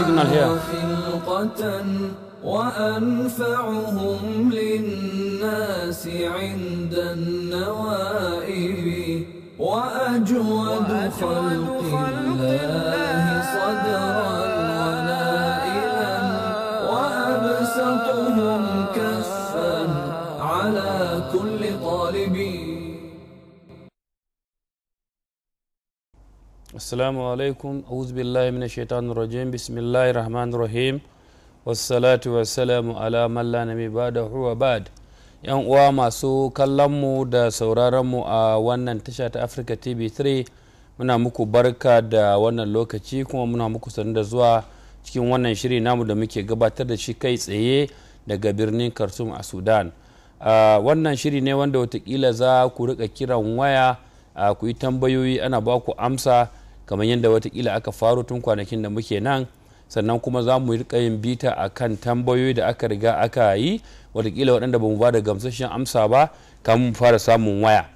signal here. وأنفعهم للناس عند النوائب وأجود خلق الله صدرا ونائلا وأبسطهم كفا على كل طالبين assalamu alaikum a'udhu billahi minash shaitanir rajim bismillahir rahmanir rahim wassalatu wassalamu ala man la ba'da huwa ba'd yan uwa masu kallon mu da sauraron mu a wannan tasha ta Africa TV 3 muna muku barka da wannan lokaci kuma muna muku sanin da zuwa cikin wannan shiri namu da muke gabatar da shi kai tsaye daga birnin Khartoum a Sudan uh, wannan shiri ne wanda watakila za ku rika kiran waya uh, ku yi tambayoyi ana ba ku amsa kamar yadda watakila aka faro tun kwanakin da muke nan sannan kuma za mu rika yin bita a kan tambayoyi da aka riga aka yi watakila waɗanda ba mu ba da gamsashen amsa ba kamun mu fara samun waya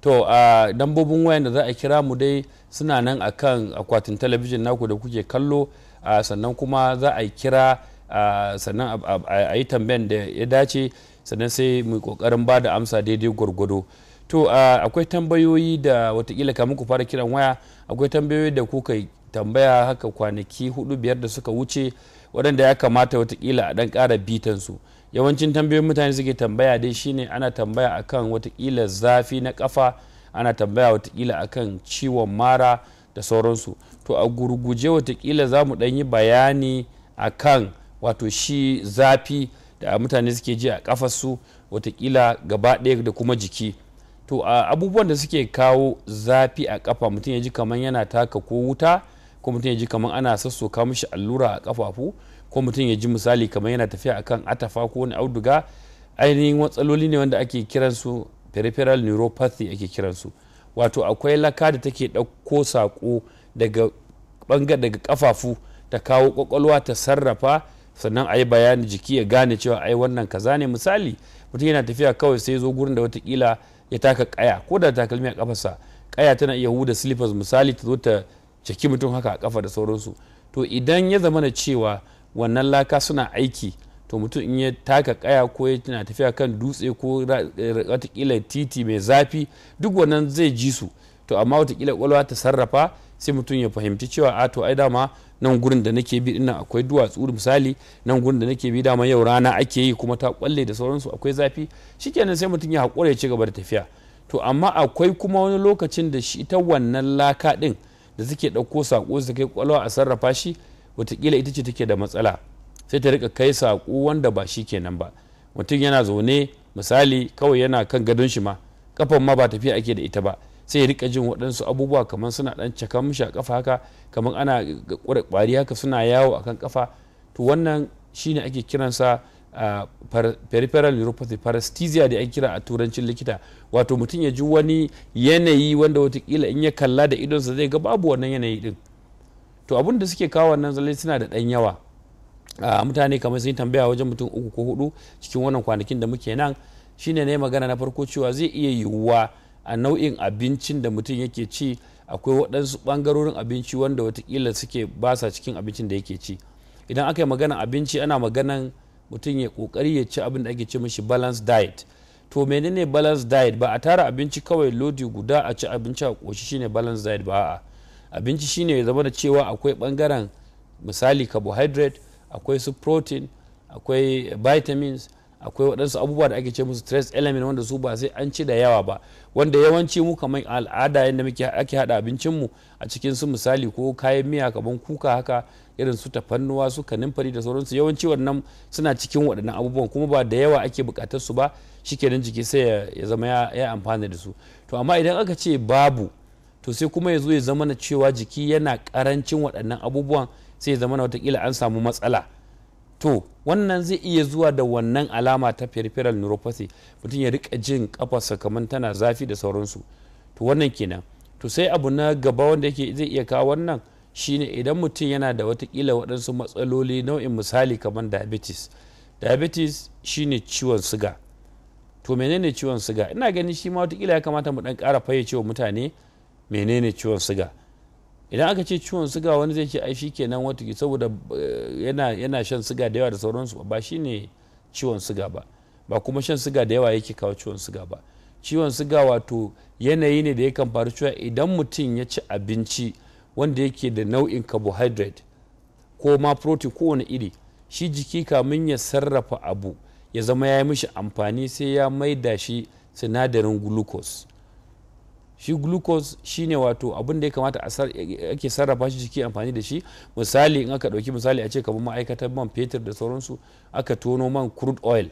to a dambobin wayan da za a kira mu dai suna nan a kan akwatin talabijin naku da kuke kallo sannan kuma za a kira sannan a yi tambayan da ya dace sannan sai mu kokarin ba da amsa daidai gwargwado to akwai tambayoyi da watakila kamun ku fara kiran waya akwai tambayoyi da kuka tambaya haka kwanaki hudu biyar da suka wuce waɗanda ya kamata watakila a ɗan ƙara bitan su yawancin tambayoyin mutane suke tambaya dai shine ana tambaya akan watakila zafi na kafa ana tambaya watakila akan ciwon mara da sauransu to a gurguje watakila za mu ɗan yi bayani akan wato shi zafi da mutane suke ji a su watakila gaba ɗaya da kuma jiki to a abubuwan da suke kawo zafi a kafa mutum ya ji kamar yana taka ko wuta ko mutum ya ji kamar ana sassoka mishi allura a kafafu ko mutum ya ji misali kamar yana tafiya akan atafa ko wani auduga ainihin matsaloli ne wanda ake kiransu peripheral neuropathy ake kiransu wato akwai laka da take ɗauko sako daga daga kafafu ta kawo kwakwalwa ta sarrafa sannan ayi bayani jiki ya gane cewa ai wannan kaza ne misali mutum yana tafiya kawai sai zo gurin da watakila ya taka kaya ko da takalmi a kafarsa kaya tana iya huda slippers misali ta zo ta caki mutum haka a kafa da sauransu to idan ya zama na cewa wannan laka suna aiki to mutum in ya taka kaya ko ya tana tafiya kan dutse ko watakila titi mai zafi duk wannan zai ji su to amma watakila kwalwa ta sarrafa sai mutum ya fahimci cewa a to ai dama nan gurin da nake bi ina akwai duwatsu misali nan gurin da nake bi dama yau rana ake yi kuma ta kwalle da sauransu akwai zafi shikenan sai mutum ya hakura ya ci gaba da tafiya to amma akwai kuma wani lokacin da shi ta wannan laka din da suke ɗauko sako su kai kwalwa a sarrafa shi watakila ita ce take da matsala sai ta rika kai sako wanda ba shi kenan ba mutum yana zaune misali kawai yana kan gadon shi ma kafan ma ba tafiya ake da ita ba sai ya rika jin waɗansu abubuwa kamar suna ɗan caka mishi a kafa haka kamar ana ƙwari haka suna yawo a kan kafa to wannan shine ake kiransa a peripheral neuropathy paresthesia da ake kira a turancin likita wato mutum ya ji wani yanayi wanda watakila in ya kalla da idon sa zai ga babu wannan yanayi din to abin da suke kawo wannan zalai suna da ɗan yawa a mutane kamar sun tambaya wajen mutum uku ko hudu cikin wannan kwanakin da muke nan shine ne magana na farko cewa zai iya yiwuwa a nau'in abincin da mutum yake ci akwai waɗansu ɓangarorin abinci wanda watakila suke basa cikin abincin da yake ci idan aka yi magana abinci ana maganan mutum ya kokari ya ci abin da ake ce mishi balance diet to menene balance diet ba a tara abinci kawai lodi guda a ci abinci a koshi shine balance diet ba a abinci shine ya zama da cewa akwai ɓangaren misali carbohydrate akwai su protein akwai vitamins akwai waɗansu abubuwa da ake ce musu stress element wanda su ba sai an ci da yawa ba wanda yawanci mu kamar al'ada yadda muke ake haɗa abincinmu a cikin su misali ko kayan miya kamar kuka haka irin su tafannuwa su fari da sauransu yawanci wannan suna cikin waɗannan abubuwan kuma ba da yawa ake buƙatar su ba shikenan jiki sai ya zama ya amfana da su to amma idan aka ce babu to sai kuma ya zo ya zama na cewa jiki yana ƙarancin waɗannan abubuwan sai ya zama na watakila an samu matsala to wannan zai iya zuwa da wannan alama ta peripheral neuropathy mutum ya rika jin kafarsa kamar tana zafi da sauransu to wannan kenan to sai abu na gaba wanda yake zai iya kawo wannan shine idan mutum yana da watakila waɗansu matsaloli nau'in misali kamar diabetes diabetes shine ciwon siga to menene ciwon siga ina ganin shi ma watakila ya kamata mu dan ƙara fayyacewa wa mutane menene ciwon siga idan aka ce ciwon suga wani zai ce ai shi kenan wata saboda eh, yana shan suga da yawa da sauransu ba shi ne ciwon suga ba ba kuma shan suga da yawa yake kawo ciwon suga ba ciwon suga wato yanayi ne da yakan faru cewa idan mutum ya ci abinci wanda yake da nau'in carbohydrate ko ma protein kowane iri shi jiki kamin ya sarrafa abu ya zama ya yi mishi amfani sai ya maida shi sinadarin glucose shi glucose shine wato abin da ya kamata ake sarrafa shi cikin amfani da shi misali in aka ɗauki misali a ce kamar ma'aikatar man fetur da sauransu aka tono man crude oil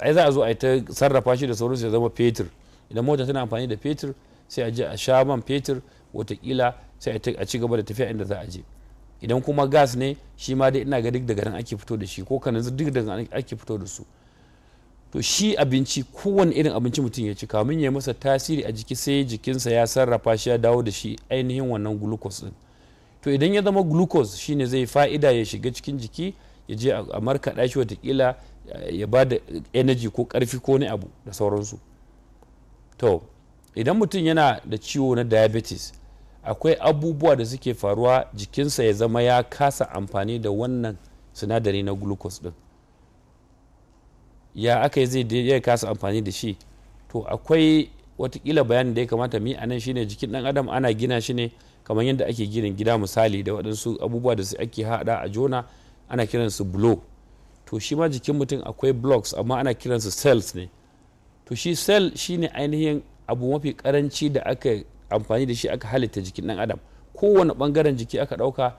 ai za a zo a ta sarrafa shi da sauransu ya zama fetur idan mota tana amfani da fetur sai a je a sha man fetur watakila sai a ci gaba da tafiya inda za a je idan kuma gas ne shi ma dai ina ga duk daga nan ake fito da shi ko kanan duk daga nan ake fito da su to shi abinci kowane irin abinci mutum ya ci kamun ya masa tasiri a jiki sai jikinsa ya sarrafa shi ya dawo da shi ainihin wannan glucose din to idan ya zama glucose shine zai fa'ida ya shiga cikin jiki ya je a markaɗa shi watakila eh, ya ba da energy ko ƙarfi ko wani abu da sauransu to idan mutum yana da ciwo na diabetes akwai abubuwa da suke faruwa jikinsa ya zama ya kasa amfani da wannan sinadari na glucose din ya aka yi zai ya kasa amfani da shi to akwai watakila bayanin da ya kamata mu a nan shine jikin dan adam ana gina shi ne kamar yadda ake ginin gida misali da waɗansu abubuwa da su ake haɗa a jona ana kiransu blow to shi ma jikin mutum akwai blocks amma ana kiransu cells ne to shi cell shine ainihin abu mafi karanci da aka amfani da shi aka halitta jikin dan adam kowane bangaren jiki aka dauka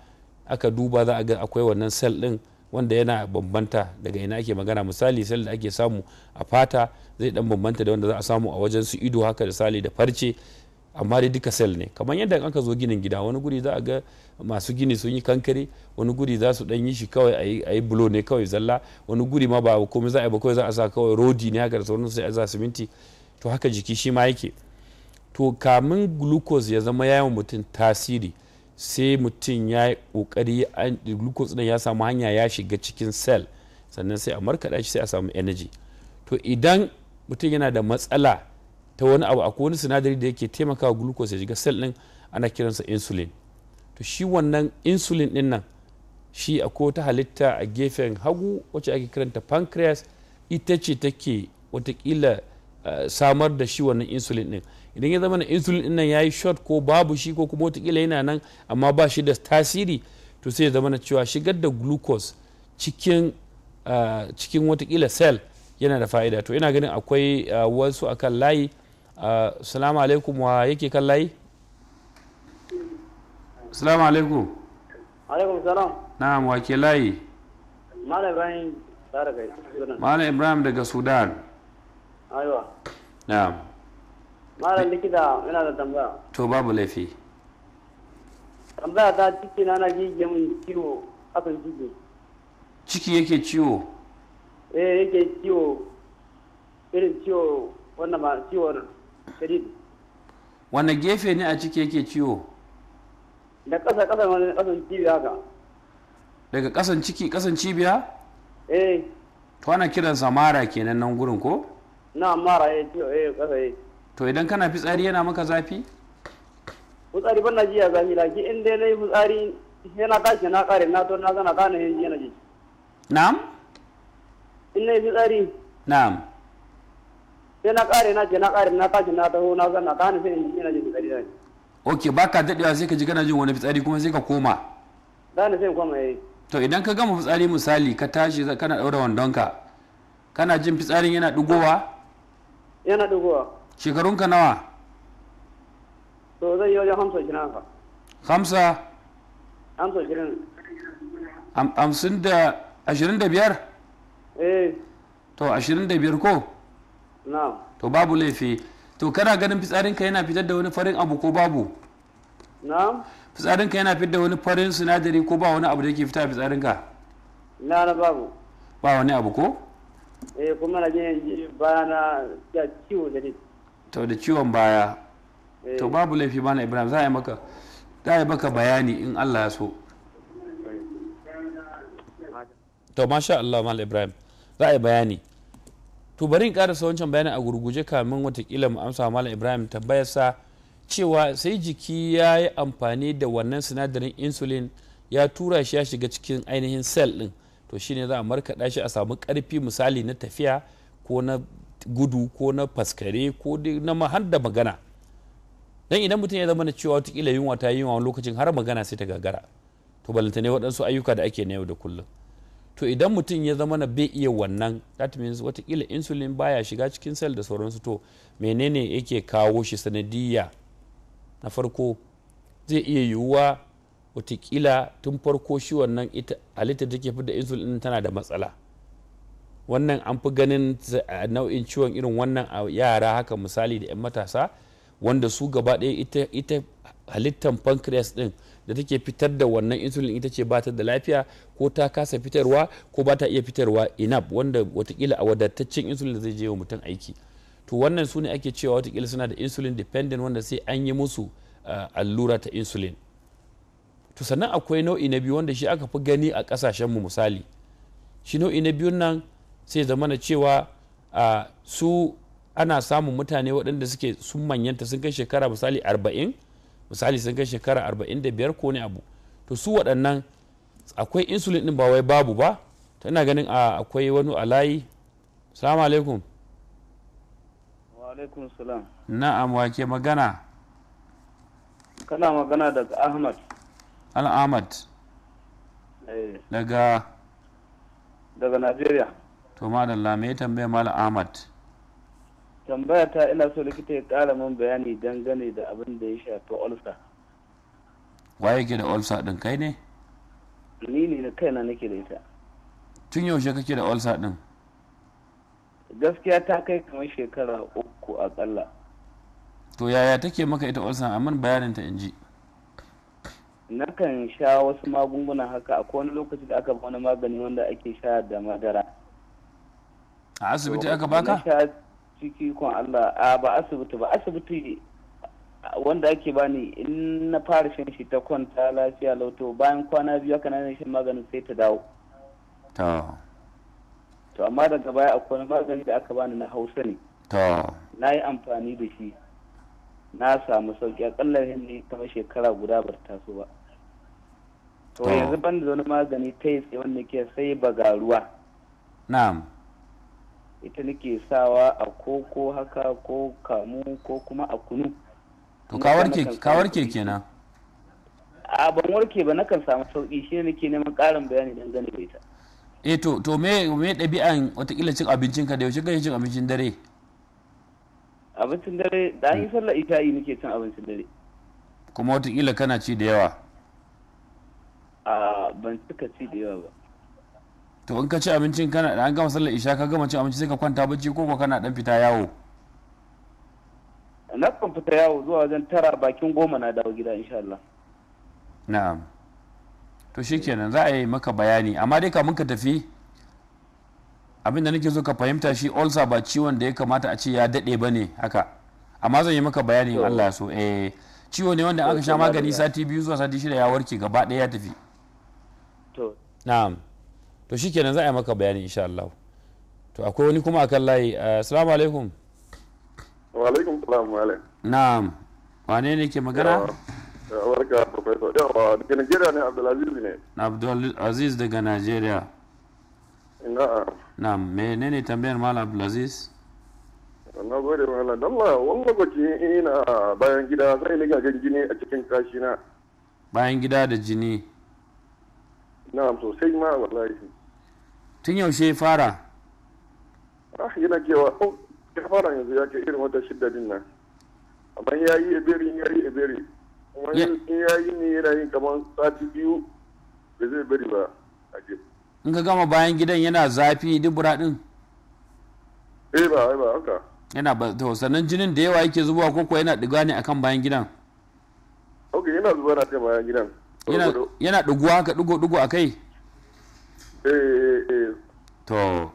aka duba za a ga akwai wannan cell din. wanda yana bambanta daga ina ake magana misali sel da ake samu a fata zai dan bambanta da wanda za a samu a wajen su ido haka da sali da farce amma dai duka sel ne kamar yadda aka zo ginin gida wani guri za a ga masu gini sun yi kankare wani guri za su dan yi shi kawai a yi bulo ne kawai zalla wani guri ma ba komai za a yi ba kawai za a sa kawai rodi ne haka da sauran sai a za siminti to haka jiki shi ma yake to kamin glucose ya zama yawan mutum tasiri sai mutum ya yi kokari glucose din ya samu hanya ya shiga cikin cell sannan sai a markaɗa shi sai a samu energy to idan mutum yana da matsala ta wani abu akwai wani sinadari da yake taimakawa glucose ya shiga cell din ana kiransa insulin to shi wannan insulin din nan shi akwai wata halitta a gefen hagu wacce ake kiranta pancreas ita ce take watakila eh, samar da shi wannan insulin din idan ya zama na insulin ɗin nan ya yi shot ko babu shi ko kuma watakila yana nan amma ba shi da tasiri to sai ya zama na cewa shigar da glucose cikin ah, cikin watakila cell yana da fa'ida to ina ganin akwai ah, wasu akan layi ah, salamu alaikum wa yake kan layi salamu alaikum alaikum salam na'am wa ke layi malam ibrahim malam ibrahim daga sudan aiwa na'am malam likita yana da tambaya to babu laifi tambaya ta ciki na na gige min ciwo kasan ciki ciki yake ciwo eh yake ciwo irin ciwo wannan ma ciwon kadin. wannan gefe ne a ciki yake ciwo da ƙasa ƙasa wani ƙasan cibiya haka daga ƙasan ciki ƙasan cibiya eh to ana kiransa mara kenan nan gurin ko na mara eh ciwo eh ƙasa to idan kana fitsari yana maka zafi fitsari ban na jiya zafi laki in dai na yi fitsari yana tashi na kare na to na zana kana yin yana ji na'am in na yi fitsari na'am sai na kare na ce na kare na tashi na taho na zana kana sai in yana ji fitsari zai ok baka daɗewa sai ka ji kana jin wani fitsari kuma sai ka koma zana sai in koma yayi eh. to idan ka gama fitsari misali ka tashi kana daura wandonka kana jin fitsarin yana dugowa yana dugowa shekarunka nawa to zai yi wajen hamsa shirin ka hamsa hamsa shirin hamsin da ashirin da biyar eh to ashirin da biyar ko na to babu laifi to kana ganin fitsarinka yana fitar da wani farin abu ko babu na fitsarinka yana fitar da wani farin sinadari ko ba wani abu da yake fita fitsarinka na na babu ba wani abu ko eh kuma na jin ba na ciwo da ne to da ciwon baya eh. to babu laifi mana ibrahim za a yi maka za a yi maka bayani in allah ya so to masha allah mal ibrahim za a yi bayani to bari in karasa wancan bayanin a gurguje kamin watakila mu amsa mal ibrahim tabbayarsa cewa sai jiki ya yi amfani da wannan sinadarin insulin ya tura shi ya shiga cikin ainihin cell din to shine za a markaɗa shi a samu ƙarfi misali na tafiya ko na gudu ko na faskare ko na mahar magana dan idan mutum ya zama na cewa watakila yunwa ta yi yunwa wani lokacin har magana sai ta gagara to balanta ne waɗansu ayyuka da ake na yau da kullum to idan mutum ya zama na bai iya wannan that means watakila insulin baya shiga cikin cell da sauransu to menene yake kawo shi sanadiyya na farko zai iya yiwuwa watakila tun farko shi wannan ita halitta take fi da insulin tana da matsala wannan an fi ganin nau'in ciwon irin wannan a yara haka misali da 'yan matasa wanda su gaba ɗaya ita, halittan pancreas ɗin da take fitar da wannan insulin ita ce bata da lafiya ko ta kasa fitarwa ko bata iya fitarwa inab wanda watakila a wadataccen insulin da zai je wa mutum aiki to wannan su ne ake cewa watakila suna da insulin dependent wanda sai an yi musu uh, allura ta insulin to sannan akwai nau'i na biyu wanda shi aka fi gani a kasashenmu misali shi nau'i na biyun nan sai na cewa a su ana samun mutane waɗanda suke sun manyanta sun kai shekara misali arba'in misali sun kai shekara arba'in da biyar ko ne abu to su waɗannan akwai insulin ɗin ba wai babu ba ta ina ganin akwai wani alayi salamu alaikum wa alaikum salam na'am wake ke magana kana magana daga ahmad al ahmad eh. daga daga najeriya to madalla me tambaya malam ahmad tambaya ta ina so likita ya kara min bayani dangane da abin da ya shafi ulsa. waye ke da ulsa din kai ne ni ne na kaina nake da ita tun yaushe kake da ulsa din gaskiya ta kai kamar shekara uku akalla to yaya take maka ita ulcer amma bayanin ta inji nakan sha wasu magunguna haka akwai wani lokaci da aka wani magani wanda ake sha da madara a asibiti aka baka ciki Allah a ba asibiti ba asibiti wanda ake bani in na fara shan shi ta kwanta lafiya lauto bayan kwana biyu aka na shan maganin sai ta dawo to amma daga baya akwai magani da aka bani na hausa ne na yi amfani da shi na samu sauki akalla ne kamar shekara guda ba ta taso ba to yanzu ban da wani magani ta yi tsaye wanda ke sai bagaruwa na'am ita nake sawa a koko haka ko kamu ko kuma a kunu to kawar ke kenan a ban warke ba nakan samu sauki shi ne nake neman karin bayani dangane da ita eh to to me me ɗabi'an watakila cin abincin ka da yaushe kai cin abincin dare abincin dare da an yi mm. sallar isha'i nake cin abincin dare kuma watakila kana ci da yawa a ban cika ci da yawa ba to in ka ci abincin kana da an gama sallar isha ka gama cin abinci sai ka kwanta bacci ko ko kana dan fita yawo na kan fita yawo zuwa wajen tara bakin goma na dawo gida insha Allah na'am to shikenan za a yi maka bayani amma dai mun ka tafi abinda nake so ka fahimta shi ulcer ba ciwon da ya kamata a ce ya dade bane haka amma zan yi maka bayani in Allah so eh ciwo ne wanda aka sha magani sati biyu zuwa sati shida ya warke gaba ɗaya ya tafi to na'am to shikenan za a yi maka bayani insha Allah to akwai wani kuma akan layi eh, assalamu alaikum wa alaikum salam wa alaikum na'am wane ne ke magana barka professor yawa daga Najeriya ne Abdulaziz ne Abdulaziz daga Najeriya na'am ne menene tambayar malam Abdulaziz na gode malam dalla wani lokaci ina bayan gida zai ni ga jini a cikin kashi na bayan gida da jini na'am sosai ma wallahi tun yaushe ya fara ah, yana cewa oh, ya fara yanzu ya ke irin wata shidda din nan amma ya yi eberi ya yi eberi kuma in ya yi ne yana yin kamar sati biyu da zai bari ba a in ka gama bayan gidan yana zafi dubura din eh ba ba haka yana ba to sannan jinin da yawa yake zubowa ko ko yana diga ne akan bayan gidan ok yana zubowa na bayan gidan yana yana diguwa haka digo digo akai Eh, eh, eh. to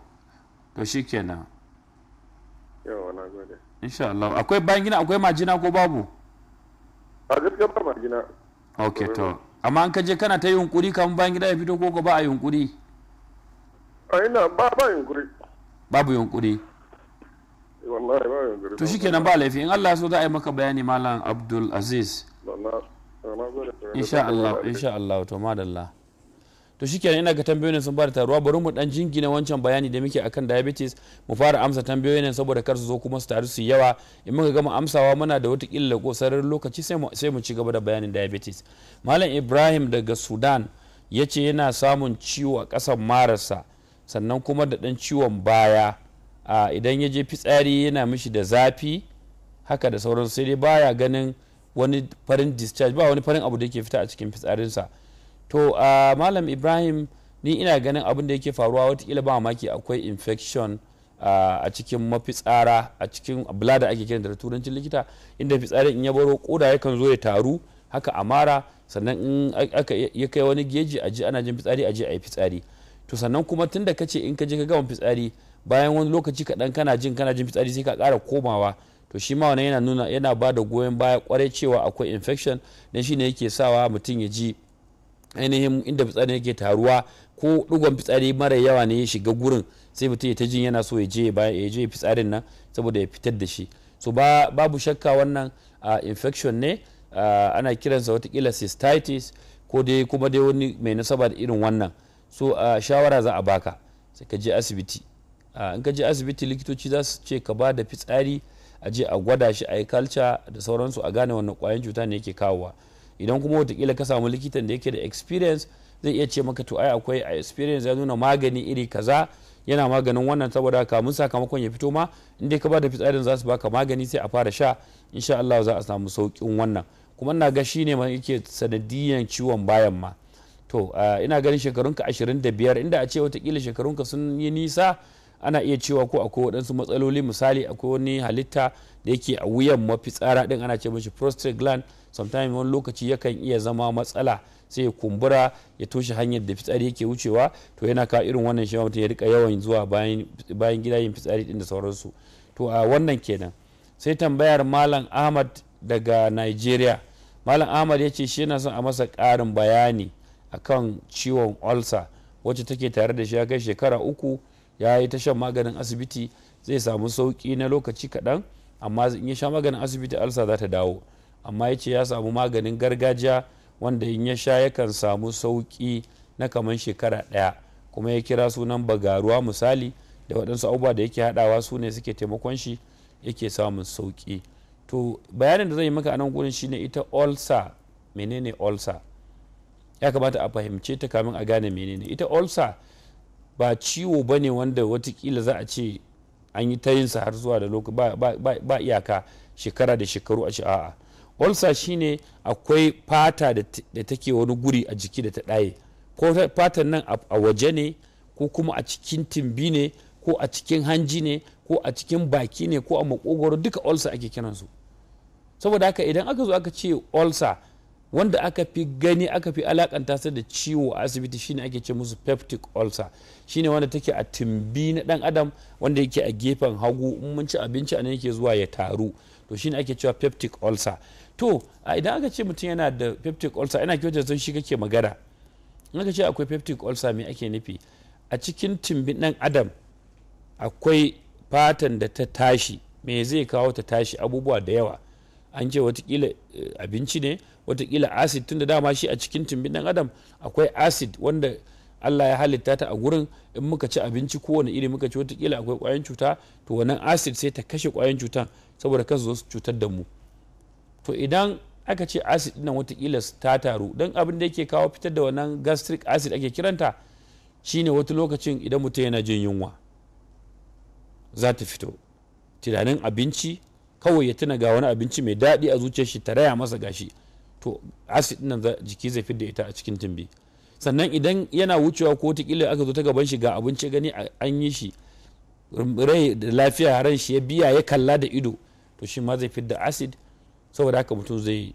to shikenan yawa na gode insha Allah akwai bayan gina akwai majina ko babu a gaskiya ba majina ok to amma an kaje kana ta yunkuri kan bayan gida ya fito ko ba a yunkuri a ina ba ba yunkuri babu yunkuri wallahi ba yunkuri to shikenan ba laifi in Allah so za a yi maka bayani malam Abdul Aziz insha Allah insha Allah to madalla to shi kenan ina ga tambayoyin sun da taruwa bari mu dan jingina wancan bayani da muke akan diabetes mu fara amsa tambayoyin saboda kar su zo kuma su taru su yawa in muka gama amsawa muna da wata kila sarar lokaci sai mu ci gaba da bayanin diabetes malam ibrahim daga sudan ya ce yana samun ciwo a ƙasan marasa sannan kuma da ɗan ciwon baya a idan ya je fitsari yana mishi da zafi haka da sauransu sai dai baya ganin wani farin discharge ba wani farin abu da yake fita a cikin fitsarinsa to uh, malam ibrahim ni ina ganin abin da yake faruwa watakila ba mamaki akwai infection uh, a cikin mafitsara a cikin bladder ake kiran da turancin likita inda fitsarin in ya baro koda yakan zo ya taru haka amara sannan in aka ya kai wani geji a ji ana jin fitsari a ji a yi fitsari to sannan kuma tun da kace in ka je ka gama fitsari bayan wani lokaci kaɗan kana jin kana jin fitsari sai ka ƙara komawa to shi ma wannan yana nuna yana ba goyon baya kwarai cewa akwai infection dan shine yake sawa mutum ya ji ainihin inda fitsari yake taruwa ko digon fitsari mara yawa ne ya shiga gurin sai mutum ya ta jin yana so ya je ya je fitsarin nan saboda ya fitar da shi so ba babu shakka wannan infection ne ana kiransa watakila cystitis ko dai kuma dai wani mai nasaba da irin wannan so shawara za a baka sai ka je asibiti in ka je asibiti likitoci za su ce ka ba da fitsari a je a gwada shi a yi kalca da sauransu a gane wannan kwayan cuta ne yake kawowa idan kuma watakila ka samu likitan da yake da experience zai iya ce maka to ai akwai a experience ya nuna magani iri kaza yana maganin wannan saboda kamun sakamakon ya fito ma in inda ka ba da fitsarin za su baka magani sai a fara sha insha Allah za a samu saukin wannan kuma ina ga shine ma yake sanadiyan ciwon bayan ma to ina ganin shekarunka 25 inda a ce watakila shekarunka sun yi nisa ana iya cewa ko akwai waɗansu matsaloli misali akwai wani halitta da yake a wuyan mafitsara ɗin ana ce mashi prostate gland sometimes wani lokaci yakan iya zama matsala sai ya kumbura ya toshe hanyar da fitsari yake wucewa to yana ka irin wannan shi mutum ya rika yawan zuwa bayan gida yin fitsari din da sauransu to a wannan kenan sai tambayar malam ahmad daga nigeria malam ahmad ya ce shi yana son a masa ƙarin bayani akan ciwon ulcer wacce take tare da shi ya kai shekara uku ya yi ta shan maganin asibiti zai samu sauki na lokaci kaɗan amma in ya sha maganin asibiti ulcer za ta dawo amma ya ce ya samu maganin gargajiya wanda in ya sha yakan samu sauƙi na kamar shekara ɗaya kuma ya kira sunan bagaruwa misali da waɗansu abubuwa da yake haɗawa su ne suke taimakon shi yake samun sauƙi to bayanin da zai yi maka a nan shi ne ita olsa menene olsa ya kamata a fahimce ta kamin a gane menene ita olsa ba ciwo ba ne wanda watakila za a ce an yi ta yinsa har zuwa da lokaci ba iyaka shekara da shekaru a a'a olsar shine akwai fata da take wani guri a jiki da ta ɗaye ko fatan nan a waje ne ko kuma a cikin timbi ne ko a cikin hanji ne ko a cikin baki ne ko a makogoro duka olsa ake kiransu saboda haka idan aka zo aka ce olsa wanda aka fi gani aka fi alakanta su da ciwo a asibiti shine ake ce musu peptic ulcer shine wanda take a timbi na dan adam wanda yake a gefen hagu in mun ci abinci a nan yake zuwa ya taru to shine ake cewa peptic ulcer to a idan aka ce mutum yana da peptic ulcer ina kyau zan shi kake magana in aka ce akwai peptic ulcer me ake nufi a cikin timbin dan adam akwai fatan da ta tashi me zai kawo ta tashi abubuwa da yawa an ce watakila eh, abinci ne watakila acid tun da dama shi a cikin timbin dan adam akwai acid wanda Allah ya halitta ta a gurin in muka ci abinci kowane iri muka ci watakila akwai kwayan cuta to wannan acid sai ta kashe kwayan cutan saboda kan su cutar da mu to idan aka ce acid nan watakila ta taru don abin da yake kawo fitar da wannan gastric acid ake kiranta shine wata lokacin idan mutum yana jin yunwa za ta fito tunanin abinci kawai ya tuna ga wani abinci mai daɗi a zuciyar shi ta raya masa gashi to acid nan jiki zai fitar da ita a cikin tumbi sannan idan yana wucewa ko watakila aka zo ta gaban shi ga abinci gani an yi shi rai da lafiya ran shi ya biya ya kalla da ido to shi ma zai fitar da acid saboda haka mutum zai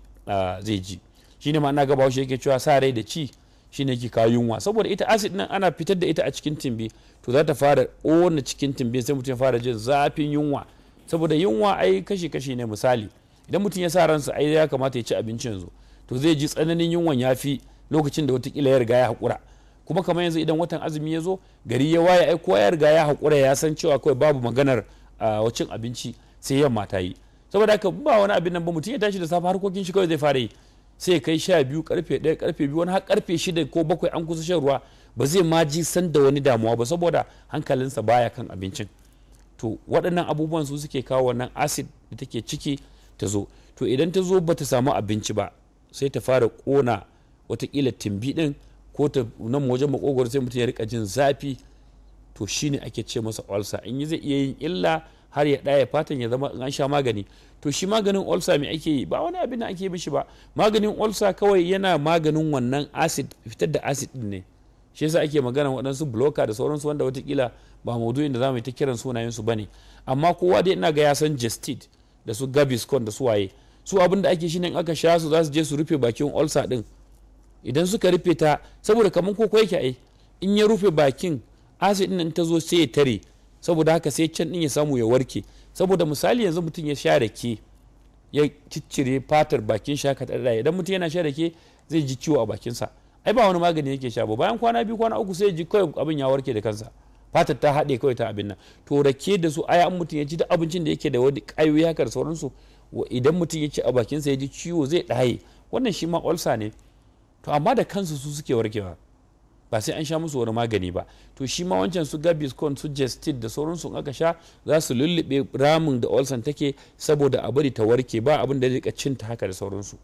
zai ji shine ma na gaba yake cewa sa rai da ci shine ke kawo yunwa saboda ita acid nan ana fitar da ita a cikin timbi to za ta fara ƙona cikin timbi sai mutum ya fara jin zafin yunwa saboda yunwa ai kashi kashi ne misali idan mutum ya sa ransa ai ya kamata ya ci abinci yanzu to zai ji tsananin yunwan ya fi lokacin da watakila ya riga ya haƙura kuma kamar yanzu idan watan azumi ya zo gari ya waye ai kowa ya riga ya haƙura ya san cewa kawai babu maganar wacin abinci sai yamma ta yi saboda haka ba wani abin nan ba mutum ya tashi da safe harkokin shi kawai zai fara yi sai kai sha biyu karfe ɗaya karfe biyu wani har karfe shida ko bakwai an kusa shan ruwa ba zai ma ji san da wani damuwa ba saboda hankalinsa baya kan abincin to waɗannan abubuwan su suke kawo wannan acid da take ciki ta zo to idan ta zo ba ta samu abinci ba sai ta fara ƙona watakila timbi ɗin ko ta nan wajen makogoro sai mutum ya rika jin zafi to shine ake ce masa ulcer in yi zai iya yin illa har ya ɗaya fatan ya zama an sha magani to shi maganin olsa mai ake yi ba wani abin da ake mishi ba maganin olsa kawai yana maganin wannan acid fitar da acid din ne shi yasa ake magana waɗansu blocker da sauransu wanda watakila ba maudu da za mu yi ta kiran sunayen su bane amma kowa dai ina ga ya san gestid da su gaviscon da su waye su abin da ake shine in aka sha su za su je su rufe bakin olsa din idan suka rufe ta saboda kamar ko yake ai in ya rufe bakin acid din ta zo sai ya tare saboda haka sai can din ya samu ya warke saboda misali yanzu mutum ya sha rake ya ciccire fatar bakin shi haka tare idan mutum yana sha rake zai ji ciwo a bakinsa ai ba wani magani yake sha ba bayan kwana biyu kwana uku sai ya ji kawai abin ya warke da kansa fatar ta haɗe kawai ta abin nan to rake da su aya an mutum ya ci da abincin da yake da wani ƙayoyi haka da sauransu idan mutum ya ci a bakin sa ya ji ciwo zai ɗaye wannan shi ma olsa ne to amma da kansu su suke warkewa ba sai an sha musu wani magani ba to shi ma wancan su gaviscon su gestid da sauransu in aka sha za su lullube ramin da olsan take saboda a bari ta warke ba abin da zai cinta haka da sauransu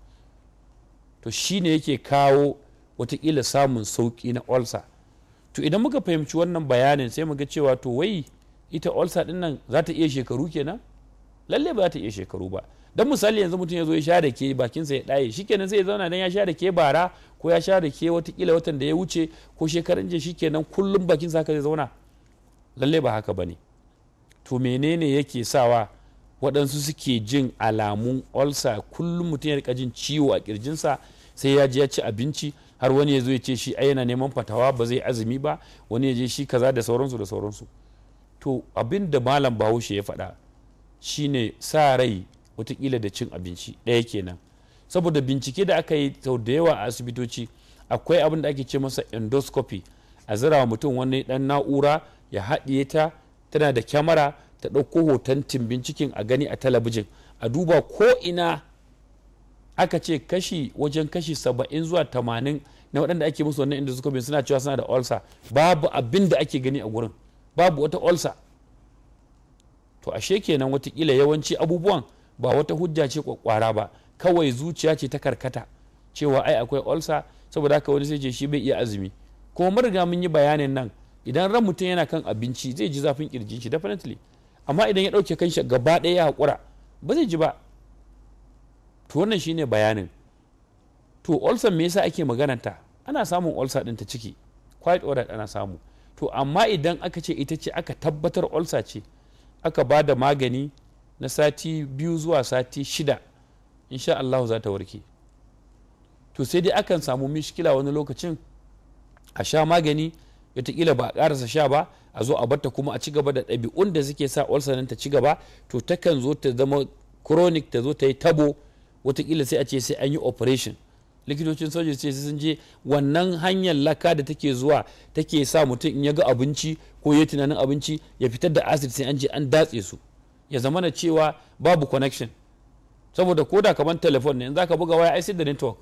to shi ne yake kawo watakila samun sauki na olsa to idan muka fahimci wannan bayanin sai muga cewa to wai ita olsa din nan za ta iya shekaru kenan lalle ba za ta iya shekaru ba dan misali yanzu mutum ya zo ya sha da ke bakinsa ya ɗaye shikenan sai ya zauna dan ya sha da ke bara ko ya sha rake watakila watan da ya wuce ko shekaran jiya shikenan kullum bakin sa zai zauna lalle ba haka ba ne to menene yake sawa waɗansu suke jin alamun olsa kullum mutum ya jin ciwo a kirjinsa sai ya je ya ci abinci har wani ya zo ya ce shi a yana neman fatawa ba zai azumi ba wani ya je shi kaza da sauransu da sauransu to abin da malam bahaushe ya faɗa shine sa rai watakila da cin abinci ɗaya kenan saboda bincike da aka yi sau da yawa a asibitoci akwai abin da ake ce masa endoscopy a zira mutum wani dan na'ura ya haɗiye ta tana da kyamara ta ɗauko hoton timbin bincikin a gani a talabijin a duba ko ina aka ce kashi wajen kashi saba'in zuwa tamanin na waɗanda ake musu wannan endoscopy suna cewa suna da olsa babu abin da ake gani a gurin babu wata olsa to ashe kenan watakila yawanci abubuwan ba wata hujja ce kwakwara ba kawai zuciya ce ta karkata cewa ai akwai olsa saboda haka wani sai ce shi bai iya azumi ko mun riga mun yi bayanin nan idan ran mutum yana kan abinci zai ji zafin kirjin shi definitely amma idan ya dauke kanshi gaba daya ya hakura ba zai ji ba to wannan shine bayanin to olsa me yasa ake magananta ana samun olsa din ta ciki quiet order ana samu to amma idan aka ce ita ce aka tabbatar olsa ce aka ba da magani na sati biyu zuwa sati shida insha Allah za ta warke to sai dai akan samu mishkila wani lokacin a sha magani wataƙila ba a ƙarasa sha ba a zo a barta kuma a ci gaba da ɗabi'un da suke sa ulcer ta ci gaba to takan zo ta zama chronic ta zo ta yi tabo wataƙila sai a ce sai an yi operation likitocin soja sai sun je wannan hanyar laka da take zuwa take sa mutum in ya ga abinci ko ya tunanin abinci ya fitar da acid sai an je an datse su ya zamana cewa babu connection saboda da kamar telefon ne in zaka buga waya ai sai da network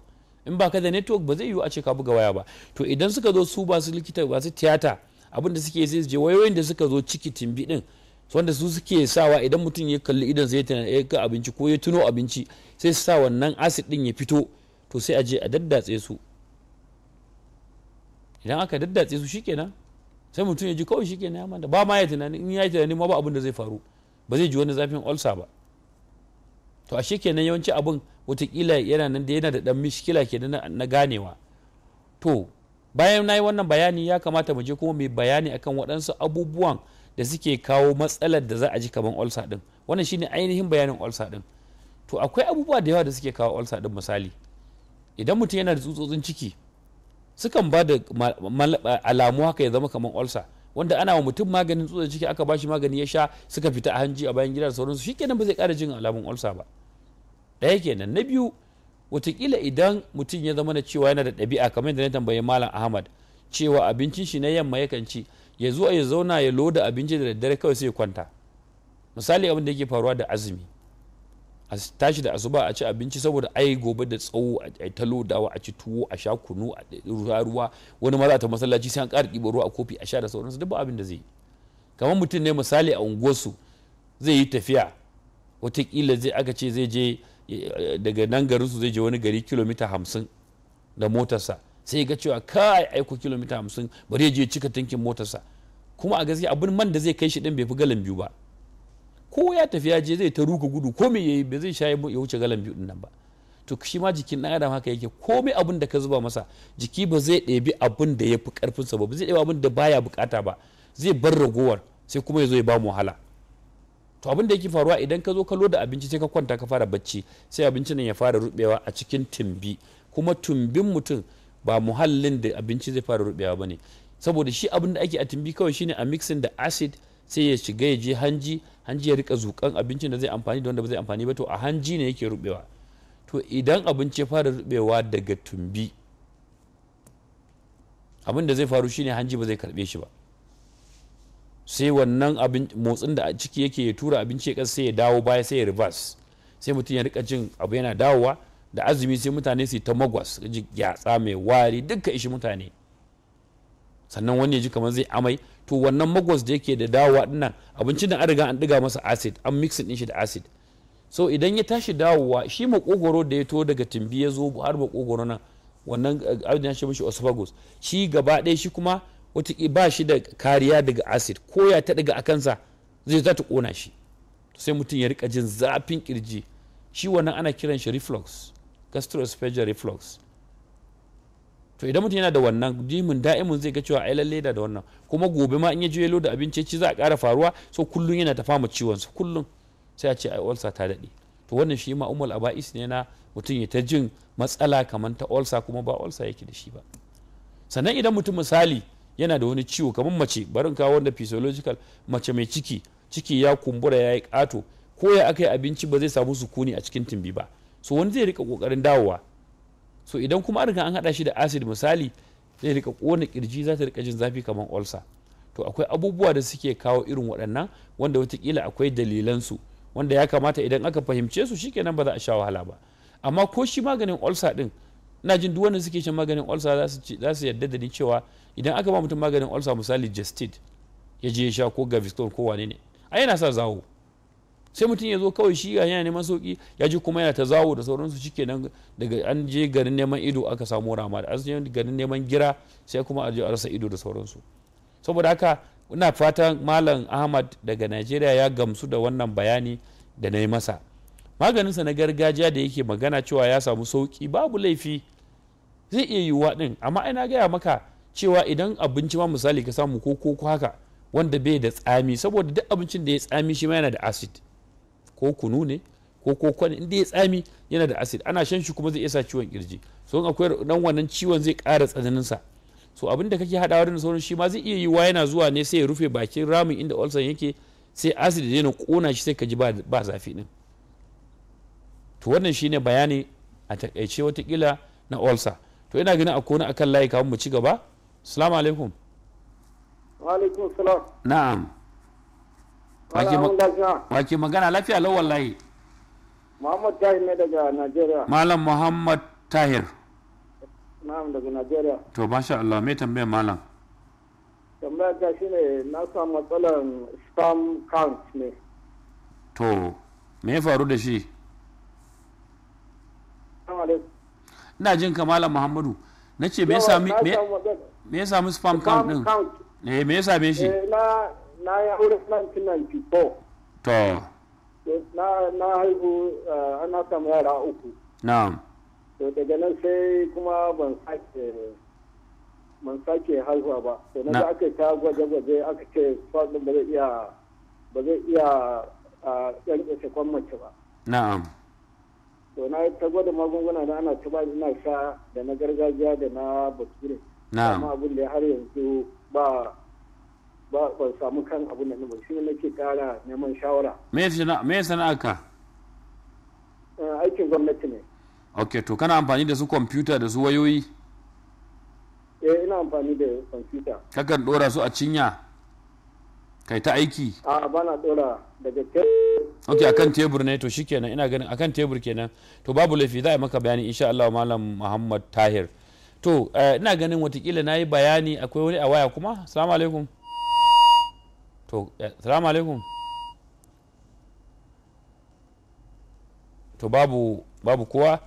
in ba ka da network ba zai yiwu a ce ka buga waya ba to idan suka zo su ba su likita ba su tiyata abin da suke sai su je wayoyin da suka zo ciki timbi din wanda su suke sawa idan mutum ya kalli idan tana ya ga abinci ko ya tuno abinci sai su sa wannan acid din ya fito to sai a je a daddatse su idan aka daddatse su shikenan sai mutum ya ji kawai shikenan ya manta ba ma ya tunani in ya yi tunani ma ba abin da zai faru ba zai ji wani zafin ulcer ba to ashe kenan yawanci abun watakila yana nan da yana da dan mishkila kenan na ganewa to bayan na yi wannan bayani ya kamata mu je kuma mai bayani akan waɗansu abubuwan da suke kawo matsalar da za a ji kamar olsa din wannan shine ainihin bayanin olsa ɗin to akwai abubuwa da yawa da suke kawo olsa ɗin misali idan mutum yana da tsutsotsin ciki sukan ba da alamu haka ya zama kamar olsa wanda ana wa mutum maganin tsutsar ciki aka bashi magani ya sha suka fita a hanji a bayan gida da sauransu shikenan ba zai kara jin alamun ulsa ba ɗaya kenan na biyu watakila idan mutum ya zama na cewa yana da ɗabi'a kamar yadda na tambayi malam ahmad cewa abincin shi na yamma yakan ci ya zuwa ya zauna ya loda abinci da daddare kawai sai ya kwanta misali abin da yake faruwa da azumi a tashi da asuba a ci abinci saboda ai gobe da tsawo a ta lodawa a ci tuwo a sha kunu a ruwa ruwa wani maza ta masallaci sai an ƙara ɗiba ruwa a kofi a sha da sauransu duk ba abin da zai yi kamar mutum ne misali a unguwarsu zai yi tafiya watakila zai aka ce zai je daga nan garinsu zai je wani gari kilomita hamsin da motarsa sai ga cewa kai aiko kilomita hamsin bari ya je cika tankin motarsa kuma a gaskiya abin man da zai kai shi din bai fi galan biyu ba ko ya tafi ya je zai ta ruka gudu ko me yayi ba zai sha ya wuce galan biyu nan ba to shi ma jikin dan adam haka yake komai abin da ka zuba masa jiki ba zai ɗebi abin da ya fi karfin sa ba zai ɗebi abin da baya bukata ba zai bar ragowar sai kuma ya zo ya ba mu wahala to abin da yake faruwa idan ka zo ka loda abinci sai ka kwanta ka fara bacci sai abinci nan ya fara rubewa a cikin tumbi kuma tumbin mutum ba muhallin da abinci zai fara rubewa bane saboda shi abin da ake a tumbi kawai shine a mixing da acid sai ya shiga ya je hanji hanji ya rika zukan abincin da zai amfani da wanda ba zai amfani ba to a hanji ne yake rubewa to idan abinci ya fara rubewa daga tumbi abin da zai faru shine hanji ba zai karbe shi ba sai wannan motsin da a ciki yake ya tura abinci ya sai ya dawo baya sai ya reverse sai mutum ya rika jin abu yana dawowa da azumi sai mutane su ta magwas ji gyatsa mai wari dukka ishi mutane sannan wani ya ji kamar zai amai to wannan magos da yake da dawowa dinnan abincin da an riga an diga masa acid an mix din shi da acid so idan ya tashi dawowa shi makogoro da ya to daga timbi ya zo har makogoro nan wannan eh, abin ya shi mishi esophagus shi gaba ɗaya shi kuma wata ba shi da kariya daga acid ko ya ta daga akansa zai za ta kona shi sai mutum ya rika jin zafin kirji shi wannan ana kiran shi reflux gastroesophageal reflux to idan mutum yana da wannan dimin da'imin zai ga cewa ai lalle da wannan kuma gobe ma in ya juye da abinci ci za a kara faruwa so kullum yana ta fama ciwon sa kullun sai a ce ai ulsa ta dade to wannan shi ma umul aba'is ne na mutum ya ta jin matsala kamar ta ulsa kuma ba ulsa yake da shi ba sannan idan mutum misali yana da wani ciwo kamar mace barin kawo wanda physiological mace mai ciki ciki ya kumbura ya yi ƙato ko ya aka yi abinci ba zai samu sukuni a cikin tumbi ba so wani zai rika kokarin dawowa so idan kuma an an hada shi da acid misali zai rika kona kirji za ta rika jin zafi kamar ulcer to akwai abubuwa da suke kawo irin waɗannan wanda watakila akwai dalilan su wanda ya kamata idan aka fahimce su shikenan ba za a sha wahala ba amma ko shi maganin ulcer din ina jin duk wanda suke shan maganin ulcer za su yarda da ni cewa idan aka ba mutum maganin ulcer misali gestid ya je ya sha ko gaviscon ko wane ne a yana sa zawo sai mutum ya zo kawai shi yana neman sauki ya ji kuma yana ta zawo da sauransu shi kenan daga an je garin neman ido aka samu rama da an garin neman gira sai kuma a je a rasa ido da sauransu saboda haka ina fatan malam ahmad daga najeriya ya gamsu da wannan bayani da na yi masa maganinsa na gargajiya da yake magana cewa ya samu sauki babu laifi zai iya yiwuwa din amma ina gaya maka cewa idan abinci ma misali ka samu ko ko haka wanda bai da tsami saboda duk abincin da ya tsami shi ma yana da acid ko kunu ne ko koko ne inda ya tsami yana da asid ana shan shi kuma zai iya sa ciwon kirji so akwai dan wannan ciwon zai ƙara tsananin sa so abin da kake haɗawa da sauran shi ma zai iya yiwuwa yana zuwa ne sai ya rufe bakin ramin inda ulcer yake sai acid ya na kona shi sai ka ji ba zafi din to wannan shine bayani a takaice watakila na ulcer to ina ganin akwai wani akan layi kafin mu ci gaba assalamu alaikum wa alaikum assalam na'am wake magana lafiya lau wallahi muhammad tahir ne daga najeriya malam muhammad tahir na'am daga najeriya to masha allah mai tambayar malam tambayar ta shine na samu matsalan spam count ne to me ya faru da shi ina jin ka malam muhammadu na ce me ya sami spam count din eh, me ya same shi eh, na yi aure 1994 to eh, na haihu eh, ana samu yara uku na'am to daga nan sai kuma ban sake ban sake haihuwa ba to na da aka ta gwaje-gwaje aka ce faɗin ba zai iya ba zai iya yan ah, ƙasa kwan mace ba na'am to na ta gwada magunguna da ana ta bani ina sha da na gargajiya da na bature na'am amma abin da har yanzu ba ba ban samu kan abin da ba shi nake kara neman shawara me sana'a ka eh, aikin gwamnati ne ok to kana amfani da su kwamfuta da su wayoyi eh ina amfani da kwamfuta kakan dora su a cinya kai ta aiki a ba na dora daga ok akan tebur ne to shikenan ina ganin akan tebur kenan to babu laifi za a maka bayani insha Allah malam Muhammad Tahir to eh, ina ganin watakila na yi bayani akwai wani a waya kuma salamu alaikum to eh, salamu alaikum to babu babu kowa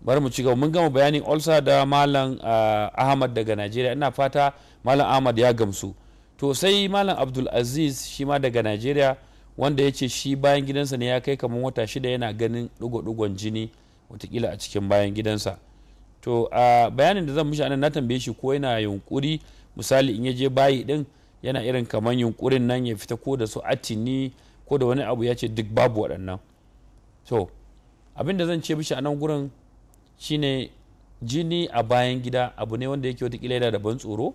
bari mu ci gaba mun gama bayanin olsa da malam eh, ahmad daga najeriya ina fata malam ahmad ya gamsu to sai malam abdul aziz shi ma daga najeriya wanda ya ce shi bayan gidansa ne ya kai kamar wata shida yana ganin ɗigo-ɗigon jini watakila a cikin bayan gidansa to eh, bayanin da zan mishi anan na tambaye shi ko yana yunkuri misali in ya je bayi din yana irin kamar yunkurin nan ya fita ko da su atini ko da wani abu ya ce duk babu waɗannan so abin da zan ce bishi a nan gurin shine jini a bayan gida abu ne wanda yake watakila yana da ban tsoro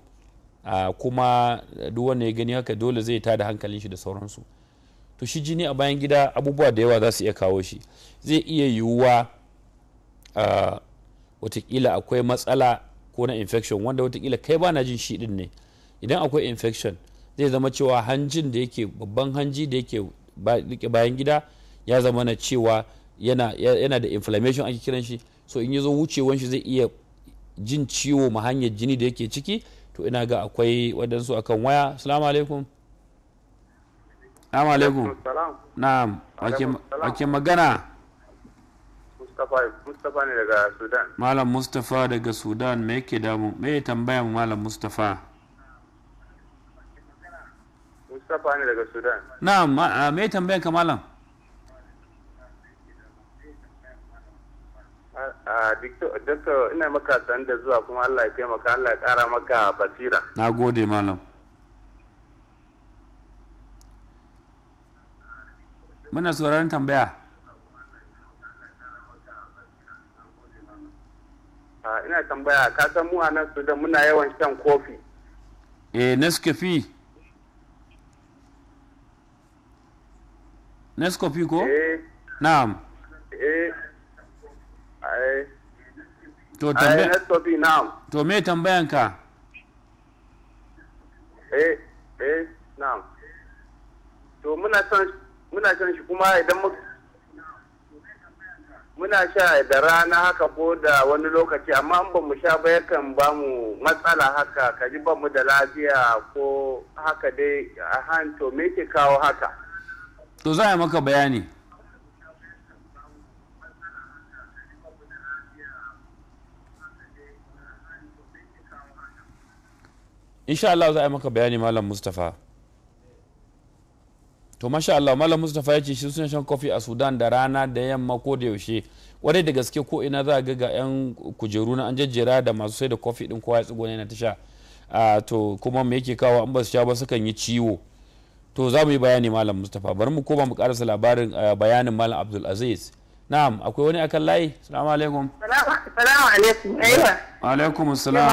kuma duk wanda ya gani haka dole zai tada hankalin shi da sauransu to shi jini a bayan gida abubuwa da yawa za su iya kawo shi zai iya yiwuwa watakila akwai matsala ko na infection wanda watakila kai ba na jin shi din ne idan akwai infection zai zama cewa hanjin da yake babban hanji da yake bayan gida ya zama na cewa yana, da inflammation ake kiran shi so in yi zo wucewan shi zai iya jin ciwo ma hanyar jini da yake ciki to ina ga akwai waɗansu akan waya salamu alaikum salamu alaikum na'am ake magana mustapha ne daga sudan malam mustapha daga sudan me yake damu me tambaya malam mustapha Mustapha ne daga Sudan. Na'am, ah, me tambayan kamalan? malam? Ah, ah, Dokta ina maka san da zuwa kuma Allah ya taimaka Allah ya kara maka basira. Na gode malam. Muna sauraron tambaya. Ina tambaya, ka san mu a nan Sudan muna yawan shan kofi. Eh, Nescafe. nescofi ko eh. na'am eh, eh. to tambaya eh, na'am to me tambayan ka eh eh na'am to muna son muna san shi kuma idan muna sha da rana haka ko da wani lokaci amma an ba mu sha ba yakan ba mu matsala haka kaji ba mu da lafiya ko haka dai a hanto me ke kawo haka to za a maka bayani Allah za a maka bayani malam Mustapha to masha Allah malam mustafa ya ce shi suna shan kofi a Sudan da rana da yamma ko da yaushe wadai da gaske ko ina za a ga yan kujeru na an jejjera da masu sai da kofi din kowa ya tsigo na na tasha ah, to kuma me yake kawo an ba su sha ba sukan yi ciwo to za mu yi bayani malam mustapha bari mu koma mu karasa labarin eh, bayanin malam abdul aziz na'am akwai wani akan layi salamu alaikum salamu eh, alaikum aiwa alaikum salam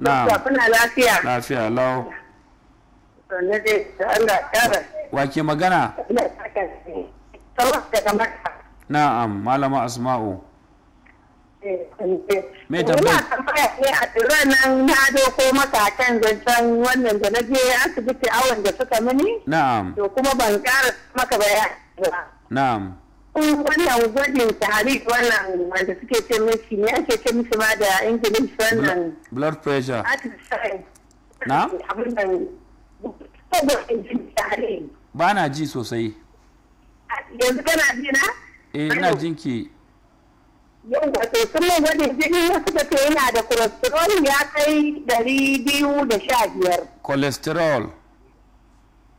na'am kuna lafiya lafiya lau wake magana eh, na'am malama asma'u Eh, eh, eh. Ina tambaya ne a ranar na doko maka kan zancen wannan da na je asibiti awon da suka mini. Na'am. To kuma ban ƙara maka bayani ba. Na'am. Wannan gwajin tari wannan wanda suke ce mishi ne ake ce mishi ma da English wannan. Blood pressure. Na'am. Abin nan. Ba na ji sosai. Yanzu kana ji na? Eh ina jinki. yau da to sun mun gwajin jini wasu da yana da cholesterol ya kai ɗari biyu da sha biyar. Cholesterol.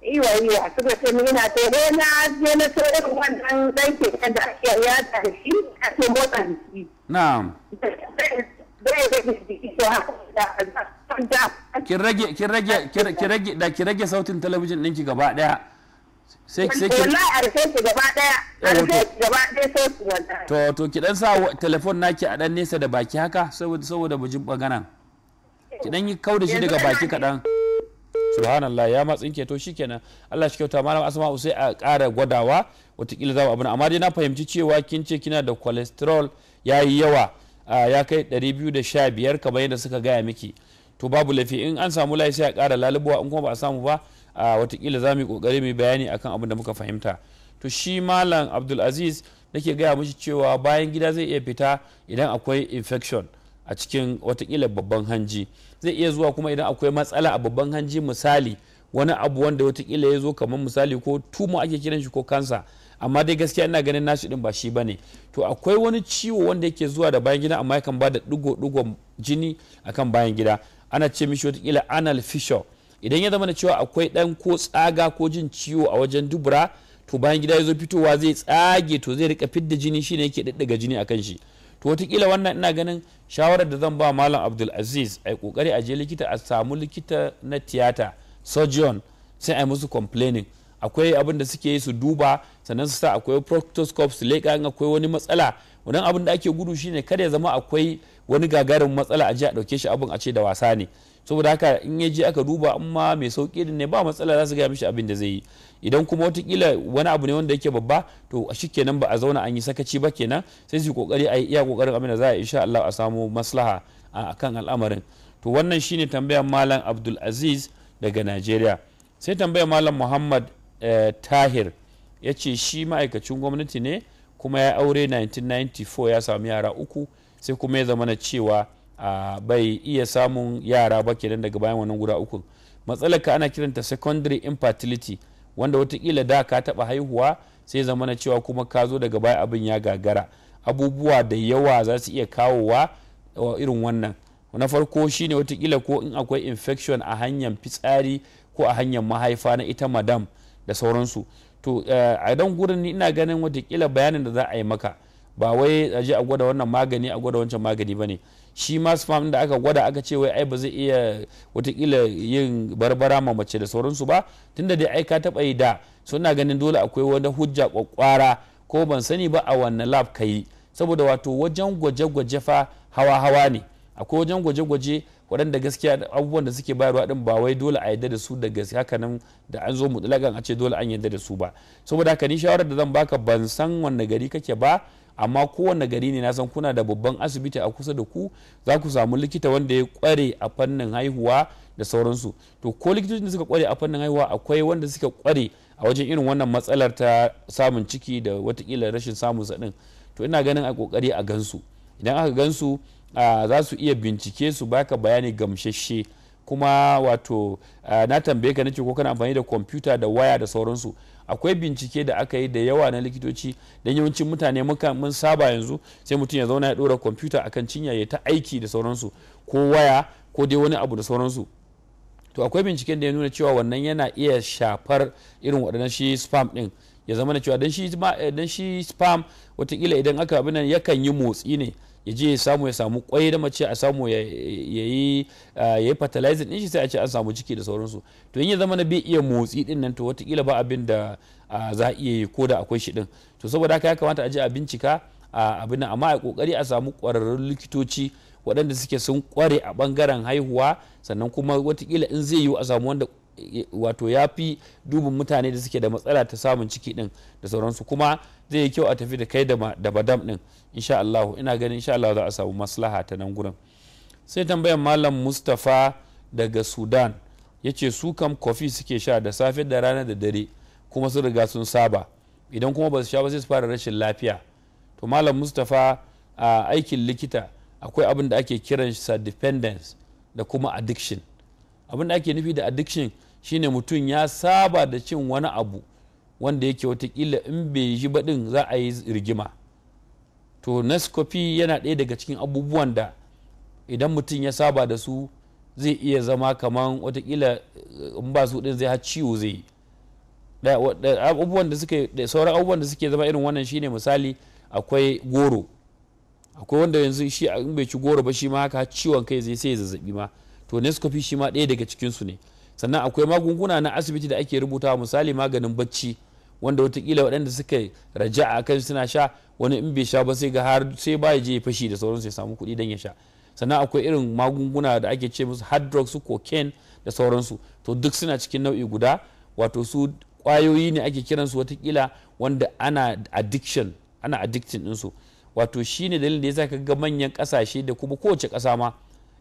Iwa iwa suka ce min yana to dai na je na so irin wannan ɗan keken da ake yada da shi a ce motsa jiki. Na'am. Kin rage kin rage kin rage da ki rage sautin talabijin ɗinki gaba ɗaya. sai ki sai ki wallahi a ki gaba daya a ki gaba daya sai ki wallahi to to ki dan sa telefon naki a dan nesa da baki haka saboda saboda mu ji maganan ki dan yi kauda shi daga baki kadan subhanallah ya matsin tsinke to shikenan Allah shi kyauta malam asma'u sai a ƙara gwadawa watakila za mu abin amma dai na fahimci cewa kin ce kina da cholesterol ya yi yawa ya kai 215 kamar yadda suka gaya miki to babu laifi in an samu layi sai a ƙara lalubuwa in kuma ba a samu ba a watakila za mu yi kokari mu bayani akan abin da muka fahimta to shi malam abdulaziz nake gaya mishi cewa bayan gida zai iya fita idan akwai infection a cikin watakila babban hanji zai iya zuwa kuma idan akwai matsala a babban hanji misali wani abu wanda watakila ya zo kamar misali ko tumo ake kiran shi ko kansa amma dai gaskiya ina ganin nashi din ba shi ne. to akwai wani ciwo wanda yake zuwa da bayan gida amma yakan ba da digo digon jini akan bayan gida ana ce mishi watakila anal fissure idan ya zama na cewa akwai dan ko tsaga ko jin ciwo a wajen dubura to bayan gida ya zo fitowa zai tsage to zai rika fidda jini shine yake daddaga jini akan shi to wataƙila wannan ina ganin shawarar da zan ba malam abdul aziz a kokari a je likita a samu likita na tiyata surgeon sai a musu complaining akwai abin da suke yi su duba sannan su sa akwai proctoscope su leƙa in akwai wani matsala wannan abin da ake gudu shine kada ya zama akwai wani gagarin matsala a je a ɗauke shi abin a ce da wasa ne saboda haka in ya je aka duba amma mai sauki ne ba matsala za su gaya mishi abin da zai yi idan kuma watakila wani abu ne wanda yake babba to a shi kenan ba a zauna an yi sakaci ba kenan sai su kokari a yi iya kokarin abin da za a insha Allah a samu maslaha a kan al'amarin to wannan shine tambayar malam Abdul Aziz daga Najeriya sai tambayar malam Muhammad eh, Tahir ya ce shi ma'aikacin gwamnati ne kuma ya aure 1994 ya samu yara uku sai kuma ya zama na cewa bai iya samun yara ba kenan daga bayan wannan guda uku matsalar ka ana kiranta secondary infertility wanda watakila da ka taba haihuwa sai zama na cewa kuma ka zo daga baya abin ya gagara abubuwa da yawa za su iya kawowa irin wannan na farko shine watakila ko in akwai infection a hanyar fitsari ko a hanyar mahaifa na ita madam da sauransu to e, a dan gurin ni ina ganin watakila bayanin da za a yi maka ba wai a je a gwada wannan magani a gwada wancan magani ba ne shi masu fam da aka gwada aka ce wai ai ba zai iya watakila yin barbara ma mace da sauransu ba tunda dai ai ka taɓa yi da suna ganin dole akwai wani hujja kwakwara ko ban sani ba a wannan lab ka yi saboda wato wajen gwaje-gwaje fa hawa-hawa ne akwai wajen gwaje-gwaje waɗanda gaskiya abubuwan da suke bayarwa din ba wai dole a yadda da su da gaskiya haka nan da an zo mutlakan a ce dole an yadda da su ba saboda haka ni shawarar da zan baka ban san wanne gari kake ba amma kowane gari ne na san kuna da babban asibiti a kusa da ku za ku samu likita wanda ya kware a fannin haihuwa da sauransu to ko likitocin da suka kware a fannin haihuwa akwai wanda suka kware a wajen irin wannan matsalar ta samun ciki da watakila rashin samun sa to ina ganin a kokari a gansu idan aka gansu za su iya bincike su baka bayani gamsheshe kuma wato na tambaye ka nace ko kana amfani da kwamfuta da waya da sauransu akwai bincike da aka yi da yawa na likitoci don yawancin mutane muka mun saba yanzu sai mutum ya zauna ya ɗora kwamfuta akan cinya ya ta aiki da sauransu ko waya ko dai wani abu da sauransu to akwai binciken da ya nuna cewa wannan yana iya shafar irin waɗannan shi spam ɗin ya zama da cewa don eh, shi spam watakila idan aka abin nan yakan yi motsi ne ya je ya samu ya samu kwai da mace a samu ya yi fertilizer din shi sai a ce an samu ciki da sauransu to in ya zama na bai iya motsi din nan to watakila ba abin da za a iya yi ko da akwai shi din to saboda haka ya kamata a je a bincika abin nan amma a kokari a samu kwararrun likitoci waɗanda suke sun kware a bangaren haihuwa sannan kuma watakila in zai yiwu a samu wanda wato ya fi dubin mutane da suke da matsala ta samun ciki din da sauransu kuma zai yi kyau a tafi da kai da badam din insha Allah ina ganin insha Allah za a samu maslaha ta nan gurin sai tambayan malam Mustafa daga Sudan ya ce su kam kofi suke sha da safe da rana da dare kuma sun riga sun saba idan kuma ba su sha ba sai su fara rashin lafiya to malam Mustafa a aikin likita akwai abin da ake kiran sa dependence da kuma addiction abin da ake nufi da addiction shine mutum ya saba da cin wani abu wanda yake watakila in bai yi baɗin za a yi rigima to nascopy yana ɗaya daga cikin abubuwan da idan mutum ya saba da su zai iya zama kamar watakila eh, in ba su ɗin zai har ciwo zai abubuwan da suke da sauran abubuwan da suke zama irin wannan shine misali akwai goro akwai wanda yanzu shi in bai ci goro ba shi ma haka ciwon kai zai sai zazzabi ma to nescofi shi ma ɗaya daga cikinsu ne sannan akwai magunguna na asibiti da ake rubutawa misali maganin bacci wanda watakila waɗanda suka raja a kan suna sha wani in bai sha ba sai ga har sai ba je fashi da sauransu ya samu kuɗi don ya sha sannan akwai irin magunguna da ake ce musu hard drugs cocaine da sauransu to duk suna cikin nau'i guda wato su kwayoyi ne ake kiransu watakila wanda ana addiction ana addicting ɗinsu wato shine dalilin da ya sa ka ga manyan kasashe da kuma kowace ƙasa ma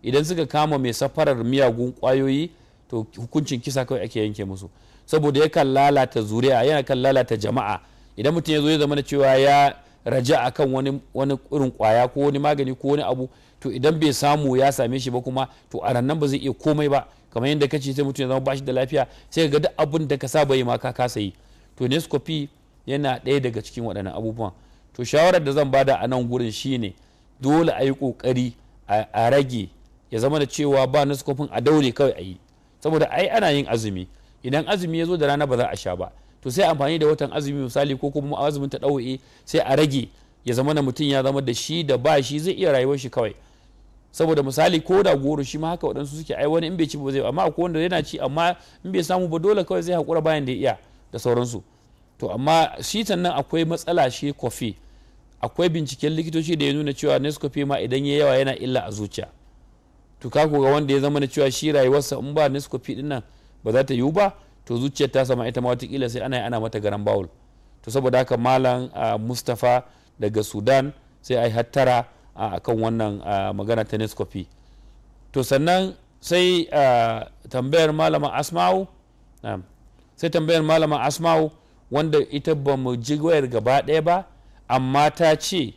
idan suka kama mai safarar miyagun kwayoyi to hukuncin kisa kawai ake yanke musu saboda yakan lalata zuriya yana kan lalata jama'a idan mutum ya zo ya zama na cewa ya raja akan wani wani irin kwaya ko wani magani ko wani abu to idan bai samu ya same shi ba kuma to a rannan ba zai iya komai ba kamar yadda kace sai mutum ya zama bashi da lafiya sai ga duk abin da ka saba yi ma ka kasa yi to nescopy yana ɗaya daga cikin waɗannan abubuwan to shawarar da zan bada a nan gurin shine dole a yi ƙoƙari a rage ya zama da cewa ba nuskofin a daure kawai a yi saboda ai ana yin azumi idan azumi ya zo da rana ba za a sha ba to sai amfani da watan azumi misali ko kuma azumin ta ɗau'e sai a rage ya zama da mutum ya zama da shi da ba shi zai iya rayuwar shi kawai saboda misali ko da goro shi ma haka waɗansu suke ai wani in bai ci ba zai amma akwai wanda yana ci amma in bai samu ba dole kawai zai haƙura bayan da ya iya da sauransu to amma shi sannan akwai matsala shi kofi akwai binciken likitoci da ya nuna cewa nescofe ma idan ya yawa yana illa a zuciya to ka ga wanda ya zama na cewa shi rayuwarsa in ba nisko fiɗin nan ba za ta yiwu ba to zuciyar ta sama ita ma kila sai ana ana mata garan bawul to saboda haka malam mustafa daga sudan sai a yi hattara a kan wannan magana ta niscofi to sannan sai tambayar malama asma'u sai tambayar malama asma'u wanda ita ba mu ji wayar gaba ɗaya ba amma ta ce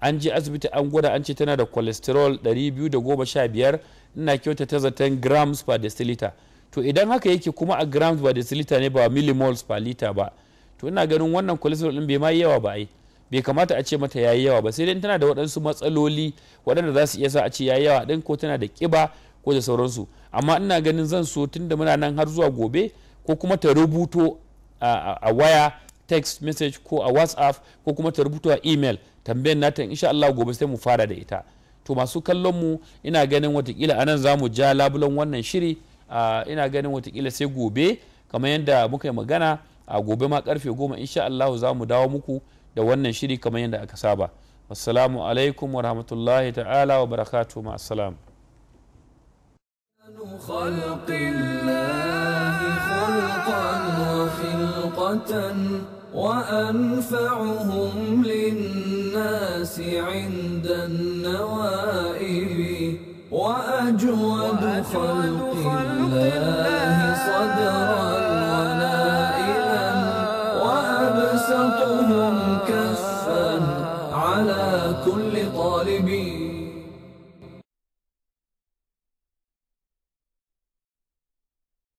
an je asibiti an gwada an ce tana da cholesterol 215 ina kyautata zaton grams per deciliter to idan haka yake kuma a grams per deciliter ne ba millimoles per liter ba to ina ganin wannan cholesterol din bai ma yawa ba ai bai kamata a ce mata yayi yawa ba sai dai tana da waɗansu matsaloli waɗanda za su iya sa a ce yayi yawa din ko tana da kiba ko da sauransu amma ina ganin zan so tunda muna nan har zuwa gobe ko kuma ta rubuto a waya text message ko a whatsapp ko kuma ta rubuto a email tambayan nata insha Allah gobe sai mu fara da ita to masu kallon mu ina ganin watakila a nan za mu ja labulan wannan shiri ina ganin watakila sai gobe kamar yadda muka yi magana a gobe ma karfe goma insha Allah za mu dawo muku da wannan shiri kamar yadda aka saba assalamu alaikum wa rahmatullahi ta'ala wa barakatuhu ma assalam خلق الله خلقا وأنفعهم للناس عند النوائب وأجود خلق الله صدرا